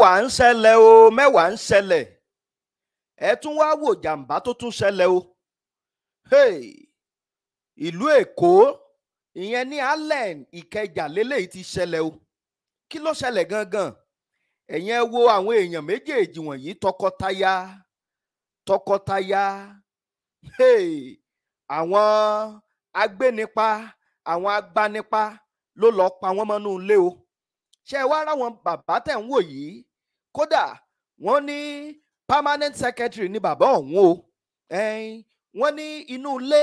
mẹ́wàá ń ṣẹlẹ̀ o mẹ́wàá ń ṣẹlẹ̀ ẹ tún wá wò jàǹbá tó tún ṣẹlẹ̀ o ìlú Èkó ìyẹn ní Allen Ìkẹjà lélẹ́yìí ti ṣẹlẹ̀ o kí ló ṣẹlẹ̀ gangan ẹ̀yin ẹ wo àwọn èèyàn méjèèjì wọ̀nyí tọkọtaya tọkọtaya àwọn agbénipa àwọn agbanipa ló lọ́ọ́ pa wọn mọ́nú ilé o ṣé ẹ wá wọn bàbá tẹ̀ ń wò yìí kódà wọ́n ní permanent secretary ní bàbá ọ̀hún o wọ́n ní inú ilé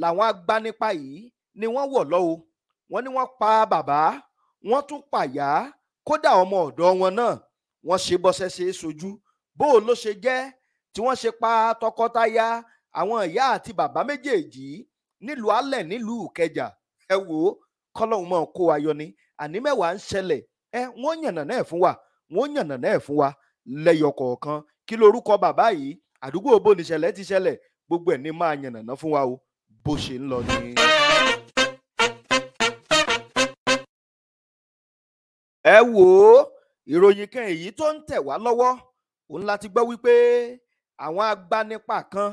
làwọn agbanipa yìí ni wọ́n wọ̀ lọ o wọ́n ní wọ́n pa bàbá wọ́n tún pàyà kódà ọmọ ọ̀dọ̀ wọn náà wọ́n ṣe bọ́sẹ̀ ṣe é sojú bó o ló ṣe jẹ́ tí wọ́n ṣe pa tọkọtaya àwọn ìyá àti bàbá méjèèjì nílùú alẹ̀ nílùú Ìkẹjà ẹ wò kọ́lọ́hún mọ́ kó wa ni àní mẹ́wàá ń ṣẹlẹ̀ ẹ wọ́n yànnà náà fún wa wọ́n yànnàná ẹ̀ fún wa lẹ́yọ kọ̀ọ̀kan kí lorúkọ bàbá yìí àdúgbò bó ni ṣẹlẹ̀ ti ṣẹlẹ̀ gbogbo ẹ̀ ní máa yànnàná fún wa o bó ṣe ń lọ ni. ẹ wò ó ìròyìn kan èyí tó ń tẹ̀ wá lọ́wọ́ òun láti gbọ́ wípé àwọn agbanipa kan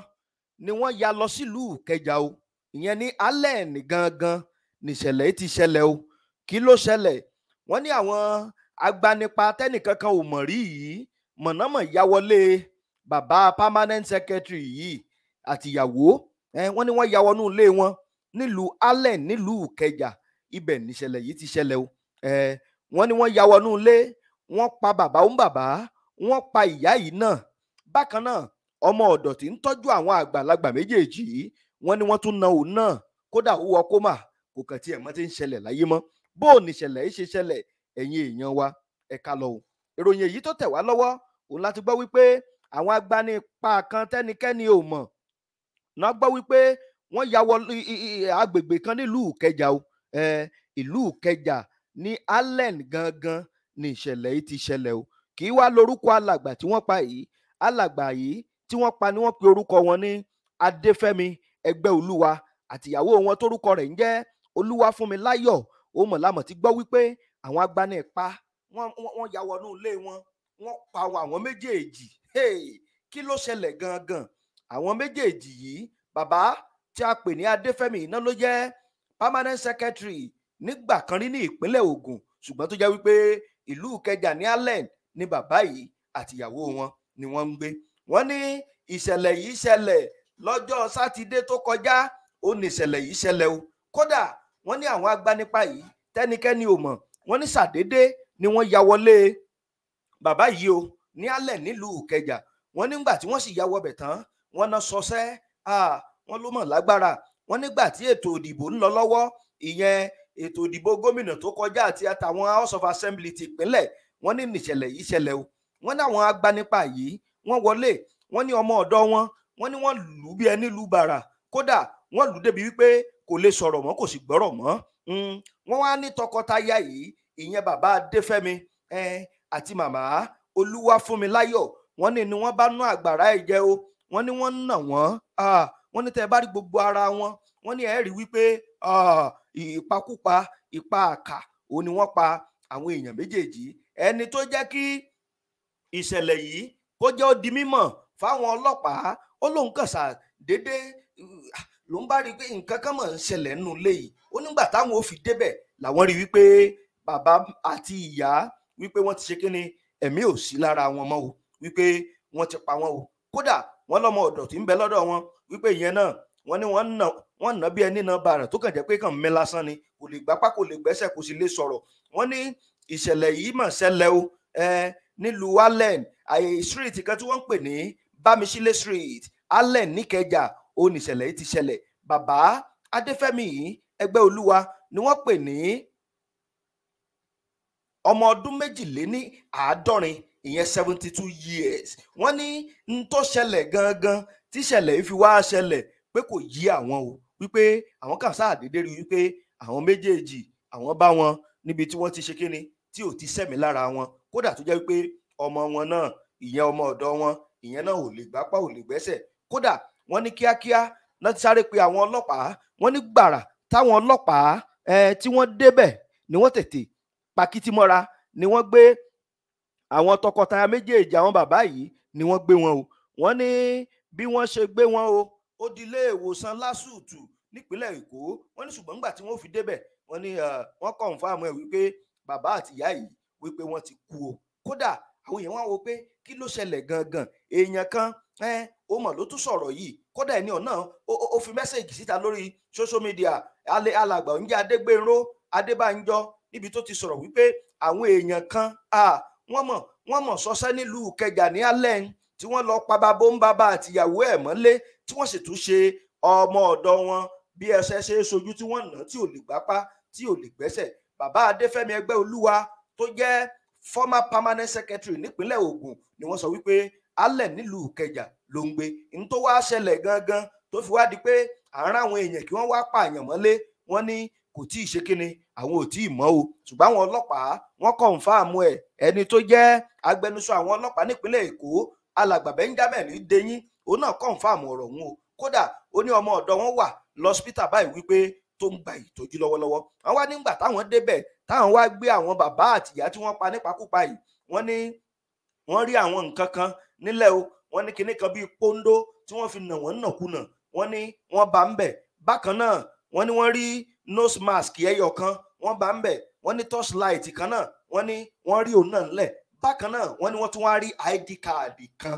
ni wọ́n ya lọ sílùú Ìkẹjà o ìyẹn ní alẹ́ ní gangan nìṣẹ̀lẹ̀ ti ṣẹlẹ̀ o kí ló ṣẹlẹ̀ wọ́n ní àwọn agbanipa tẹ́nìkankan ò mọ̀ rí yìí mọ̀nàmọ̀ ya wọlé bàbá permanent secretary yìí àtìyàwó wọ́n ní wọ́n ya wọnú ilé wọn nílùú Allen nílùú Ìkẹjà ibẹ̀ níṣẹ̀lẹ̀ yìí ti ṣẹlẹ̀ o wọ́n ní wọ́n ya wọnú ilé wọ́n pa bàbá òun bàbá wọ́n pa ìyá yìí náà bákan náà ọmọ ọ̀dọ̀ tí ń tọ́jú àwọn àgbàlagbà méjèèjì yìí wọ́n ní wọ́n tún na òun náà kódà ó wọ kó mà kò kàn tiẹ̀ mọ́ ti ń ṣẹlẹ̀ láyé mọ́ bó o níṣẹ̀lẹ̀ yìí ṣe ṣẹlẹ̀ ẹ̀yin èèyàn wa ẹ̀ka lọ o ìròyìn èyí tó tẹ̀ wá lọ́wọ́ òun láti gbọ́ wípé àwọn agbanipa kan tẹ́nikẹ́ni ò mọ̀ náà gbọ́ wípé wọ́n ya wọ agbègbè kan nílùú Ìkẹjà o ìlú Ìkẹjà ní Allen gangan ni ìṣẹ̀lẹ̀ yìí ti ṣẹlẹ̀ o kì í wá lórúkọ alàgbà tí wọ́n pa yìí alàgbà yìí tí wọ́n pa ni wọ́n pe orúkọ wọn ní Adéfẹ́mi ẹgbẹ́ olúwa àtìyàwó wọn tórúkọ rẹ̀ ń jẹ́ Olúwafúnmiláyọ̀ ó mọ̀ lámọ̀ ti gbọ́ wípé àwọn agbanipá wọ́n wọ́n ya wọnú ilé wọn wọ́n pa àwọn méjèèjì kí ló ṣẹlẹ̀ gangan àwọn méjèèjì yìí bàbá tí a pè ní adéfẹ́mi iná ló jẹ́ permanent secretary nígbà kan rí ní ìpínlẹ̀ Ògùn ṣùgbọ́n tó jẹ́ wípé ìlú Ìkẹjà ní allen ni bàbá yìí àtìyàwó wọn ni wọ́n ń gbé wọ́n ní ìṣẹ̀lẹ̀ yìí ṣẹlẹ̀ lọ́jọ́ sátidé tó kọjá ó ní ìṣẹ̀lẹ̀ yìí ṣẹlẹ̀ o kódà wọ́n ní àwọn agbanipa yìí tẹ́nikẹ́ni ò mọ̀ wọ́n ní ṣàdédé ni wọ́n ya wọlé bàbá yìí o ní alẹ́ nílùú Ìkẹjà wọ́n nígbà tí wọ́n sì ya wọbẹ̀ tán wọ́n ná sọsẹ́ wọ́n ló mọ̀ lágbára wọ́n nígbà tí ètò ìdìbò ń lọ lọ́wọ́ ìyẹn ètò ìdìbò gómìnà tó kọjá àti àtàwọn house of assembly ti ìpínlẹ̀ wọ́n ní nìṣẹ̀lẹ̀ yìí ṣẹlẹ̀ o wọ́n náwọn agbanipa yìí wọ́n wọlé wọ́n ní ọmọ ọ̀dọ́ wọn wọ́n ní wọ́n lù bí ẹni lù bàrà kódà wọ́n lù débi wípé kò lè sọ̀rọ̀ mọ́ kò sì gbọ́rọ̀ mọ́ hmm wọ́n wá ní tọkọtaya yìí ìyẹn bàbá adéfẹ́mi àti màmá olúwafúnmiláyọ̀ wọ́n ní ni wọ́n bá ná àgbàrá ẹ̀jẹ̀ o wọ́n ní wọ́n nà wọ́n wọ́n ní tẹ́ bá rí gbogbo ara wọn wọ́n ní ẹ rí wípé ìpakúpa ìpa àkà òun ni wọ́n pa àwọn èèyàn méjèèjì ẹni tó jẹ́ kí ìṣẹ̀lẹ̀ yìí kó jẹ́ ó di mímọ̀ fáwọn ọlọ́pàá ó lóun kàn ṣàdédé ló ń bá rí i pé nǹkan kan mọ̀ ń ṣẹlẹ̀ nínú ilé yìí ó nígbà táwọn ò fi débẹ̀ làwọn rí i wípé bàbá àti ìyá wípé wọ́n ti ṣe kí ni ẹ̀mí ò sí lára wọn mọ́ o wípé wọ́n ti pa wọn o kódà wọ́n lọ́mọ ọ̀dọ̀ tí ń bẹ lọ́dọ̀ wọn wípé ìyẹn náà wọ́n ní wọ́n nà nà bí ẹni náà bàrẹ̀ tó kàn jẹ́ pé kàn mí lásán ni kò lè gbápá kò lè gbẹ́sẹ̀ kò sì lè sọ̀rọ̀ wọ́n ní ìṣẹ̀lẹ̀ yìí mà ṣẹlẹ̀ o nílùú allen àyè street kan tí wọ́n ń pè ní bámisílẹ̀ street allen níkẹjà ó ní ìṣẹ̀lẹ̀ yìí ti ṣẹlẹ̀ bàbá adéfẹ́mi yìí ẹgbẹ́ olúwa ni wọ́n pè ní ọmọ ọdún méjìléní àádọ́rin ìyẹn seventy two years wọ́n ní n tó ṣẹlẹ̀ gangan tí ṣẹlẹ̀ yìí fi wá ṣẹlẹ̀ pé kò yí àwọn o wípé àwọn kan sáà dédé rí wípé àwọn méjèèjì àwọn bá wọn níbi tí wọ́n ti ṣe kíni tí ò ti sẹ̀mí lára wọn kódà tó jẹ́ wípé ọmọ wọn náà ìyẹn ọmọ ọ̀dọ́ wọn ìyẹn náà ò lè gbápá ò lè gbẹ́sẹ̀ kódà wọ́n ní kíákíá náà ti sáré pe àwọn ọlọ́pàá wọ́n ní gbàrà táwọn ọlọ́pàá tí wọ́n débẹ̀ ni wọ́n tètè pakítí mọ́ra ni wọ́n gbé àwọn tọkọtaya méjèèjì àwọn bàbá yìí ni wọ́n gbé wọn o wọ́n ní bí wọ́n ṣe gbé wọn o ó di ilé ìwòsàn lásùtù nípínlẹ̀ èkó wọ́n ní ṣùgbọ́n nígbà tí wọ́n fi débẹ̀ wọ́n ní wọ́n kọ̀ǹfàmù ẹ̀ wípé bàbá àtìyá yìí wípé wọ́n ti kú o kódà àwọn èèyàn wá wo pé kí ló ṣẹlẹ̀ gangan èèyàn kan ó mọ̀ ló tún sọ̀rọ̀ yìí kódà ẹni ọ̀nà ó fi mẹ́sẹ̀gì síta lórí social media alàgbà oúnjẹ adégbèrò adébánjọ níbi tó ti sọ̀rọ̀ wípé àwọn èèyàn kan wọ́n mọ̀ wọ́n mọ̀ sọ́sẹ́ nílùú kẹjà ní alẹ́ tí wọ́n lọ pa bàbá ń bàbá àtìyàwó ẹ̀ mọ́lé tí wọ́n sì tún ṣe ọmọ ọ̀dọ̀ wọn bí ẹsẹ̀ ṣe é sojú tí wọ́n nà tí ò lè gbápá tí ò lè gbẹ́sẹ̀ bàbá adéfẹ́mi ẹgbẹ́ olúwa tó jẹ́ former permanent secretary nípínlẹ̀ Ògùn ni wọ́n sọ wípé alẹ̀ nílùú Ìkẹjà ló ń gbé ní tó wáá ṣẹlẹ̀ gangan tó fi wá di pé àárín àwọn èèyàn kí wọ́n wá pààyàn mọ́lé wọ́n ní kò tí ì ṣe kíni àwọn ò tí ì mọ̀ o ṣùgbọ́n àwọn ọlọ́pàá wọ́n kọ̀ǹfàmù ẹ̀ ẹni tó jẹ́ agbẹnusọ àwọn ọlọ́pàá nípínlẹ̀ Èkó alàgbà Benjamin Deyin òun náà kọ̀ǹfàmù ọ̀rọ̀ wọn o kódà ó ní ọmọ ọ̀dọ̀ wọn wà lọ́sípítà báyìí wípé tó ń gba ìtọ́jú lọ́wọ́lọ́wọ́ àwọn wá nígbà táwọn débẹ̀ táwọn wá gbé àwọn bàbá àtìyá tí wọ́n pa nípakúpa yìí wọ́n ní wọ́n rí àwọn nǹkan kan nílẹ̀ o wọ́n ní kinní kan bíi póńdó tí wọ́n fi nà wọ́n nàkúnà wọ́n ní wọ́n bá ń bẹ̀ bákan náà wọ́n ní wọ́n rí nose mask ẹyọ kan wọ́n bá ń bẹ̀ wọ́n ní torchlight kan náà wọ́n ní wọ́n rí òun náà nílẹ̀ bákan náà wọ́n ní wọ́n tún wá rí id card kan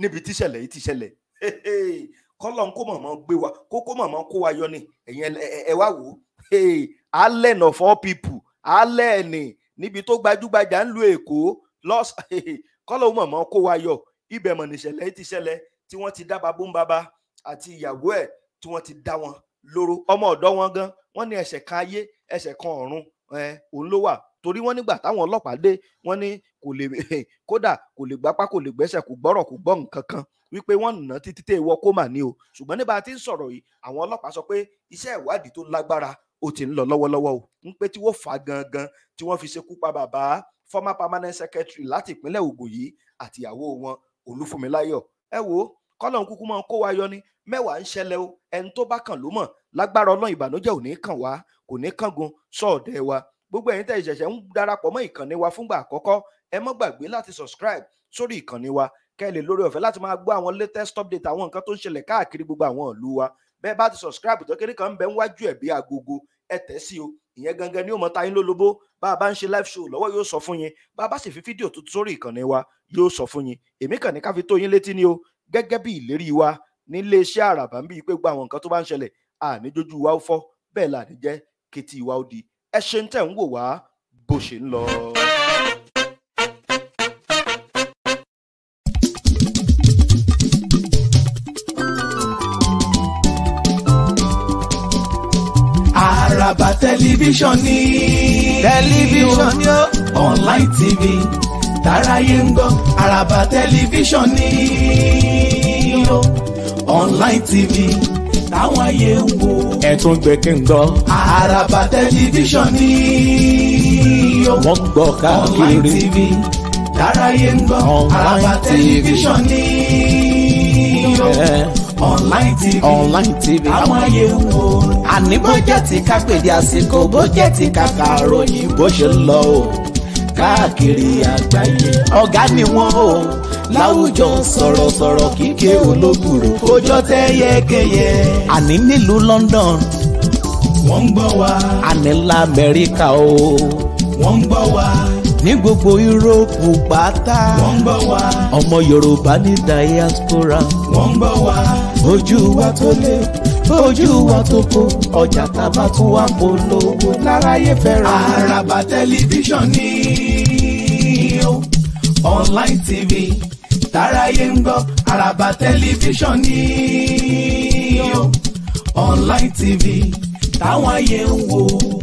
níbi tíṣẹ̀lẹ̀ yìí tíṣẹ̀lẹ̀ kọ́lọ̀ ń kó mọ̀mọ́ gbé wa kó kó mọ̀mọ́ kó wa yọ ni ẹ̀yin ẹ wá wò ó allen of all people allen níbi tó gbajúgbajà ń lu èkó lọ́sàn-án kọ́lọ́hún mọ̀mọ́ kó wa yọ ibẹ̀ mọ̀ níṣẹ̀lẹ̀ ti ṣẹlẹ̀ tí wọ́n ti dá babú baba àti ìyàwó ẹ̀ tí wọ́n ti dá wọn lóró ọmọ ọ̀dọ́ wọn gan wọ́n ní ẹ̀ṣẹ̀ kan ayé ẹ̀ṣẹ̀ kan ọ̀run òun ló wà torí wọ́n nígbà táwọn ọlọ́pàá dé wọ́n ní kò lè kódà kò lè gbápá kò lè gbẹ́sẹ̀ kò gbọ́rọ̀ kò gbọ́ nǹkan kan wípé wọ́n nà títí tẹ ìwọ kó mà ní o ṣùgbọ́n nígbà tí ń sọ̀rọ̀ yìí àwọn ọlọ́pàá sọ pé iṣẹ́ ìwádìí tó lágbára ó ti ń lọ lọ́wọ́lọ́wọ́ o ń pé tí wọ́n fà á gangan tí wọ́n fi ṣekú pa bàbá former permanent secretary láti ìpínlẹ̀ Ògùn yìí àtìyàwó wọn Olúfúnmiláyọ̀ ẹ wo kọ́lọ́n kúkú máa ń kó wa yọ ni mẹ́wàá ń ṣẹlẹ̀ o ẹni tó bá kàn ló mọ̀ lágbára ọlọ́run ìbànújẹ́ ò ní kàn wá kò ní kángun sọ̀ọ́dẹ̀ wa gbogbo ẹ̀yin tẹ̀ ìṣẹ̀ṣẹ̀ ń darapọ̀ mọ́ ìkànnì wa fúngbà àkọ́kọ́ ẹ mọ́ gbàgbé láti subscribe sórí ìkànnì wa kẹ́ ẹ lè lórí ọ̀fẹ́ láti máa gbọ́ àwọn latest update àwọn nǹkan tó ń ṣẹlẹ̀ káàkiri gbogbo àwọn ìlú wa bẹ́ẹ̀ bá ti subscribe tó kéré kan ń bẹ ń wájú ẹ̀ agogo ẹ tẹ̀ sí o ìyẹn gangan ni ó mọ ta yín lólobó bá a bá ń ṣe live show lọ́wọ́ yóò sọ fún yín bá a bá sì fi fídíò tuntun sórí ìkànnì wa yóò sọ fún yín èmi kàn ní ká fi tó yín létí ni o gẹ́gẹ́ bí ìlérí wa nílé iṣẹ́ àràbà ń bí i pé gbogbo àwọn nǹkan tó bá ń ṣẹlẹ̀ àníjójú wa ó fọ́ bẹ́ẹ̀ là ní jẹ́ kétí wa ó di ẹ ṣe ń tẹ̀ ń wò wá bó ṣe ń lọ. tẹlifíṣàn ni. tẹlifíṣàn ni ó. online tv tàráyé ń gbọ́ àràbà tẹlifíṣàn ni online tv táwọn ayé ń wo. ẹ̀tún gbẹ̀kẹ̀ngbọ́. àràbà tẹlifíṣàn ni wọ́n gbọ́ káàkiri. online tv tàráyé ń gbọ́ àràbà tẹlifíṣàn ni ó online tv online tv àwọn ayé ń wo àní bó jẹ́ ti ká pèdé àsìkò bó jẹ́ ti ká ka ròyìn bó ṣe ń lọ o káàkiri àgbáyé ọ̀gá ni wọ́n o láwùjọ sọ̀rọ̀sọ̀rọ̀ kíkẹ́ olóbùrò kójọ tẹ́ yẹ́kẹ́yẹ́ àní nílùú London wọ́n ń gbọ́ wa àní la Amẹ́ríkà o wọ́n ń gbọ́ wa ní gbogbo yúróòpù pátá. wọ́n gbọ́ wá. ọmọ yorùbá ní diaspora. wọ́n gbọ́ wá. ojú wa tó lé ojú wa tó kó ọjà tábà tún wá polówó láráyé fẹ́ràn. àràbà tẹlifíṣàn ni ó online tv táráyé ń gbọ́ àràbà tẹlifíṣàn ni ó online tv táwọn ayé ń wò.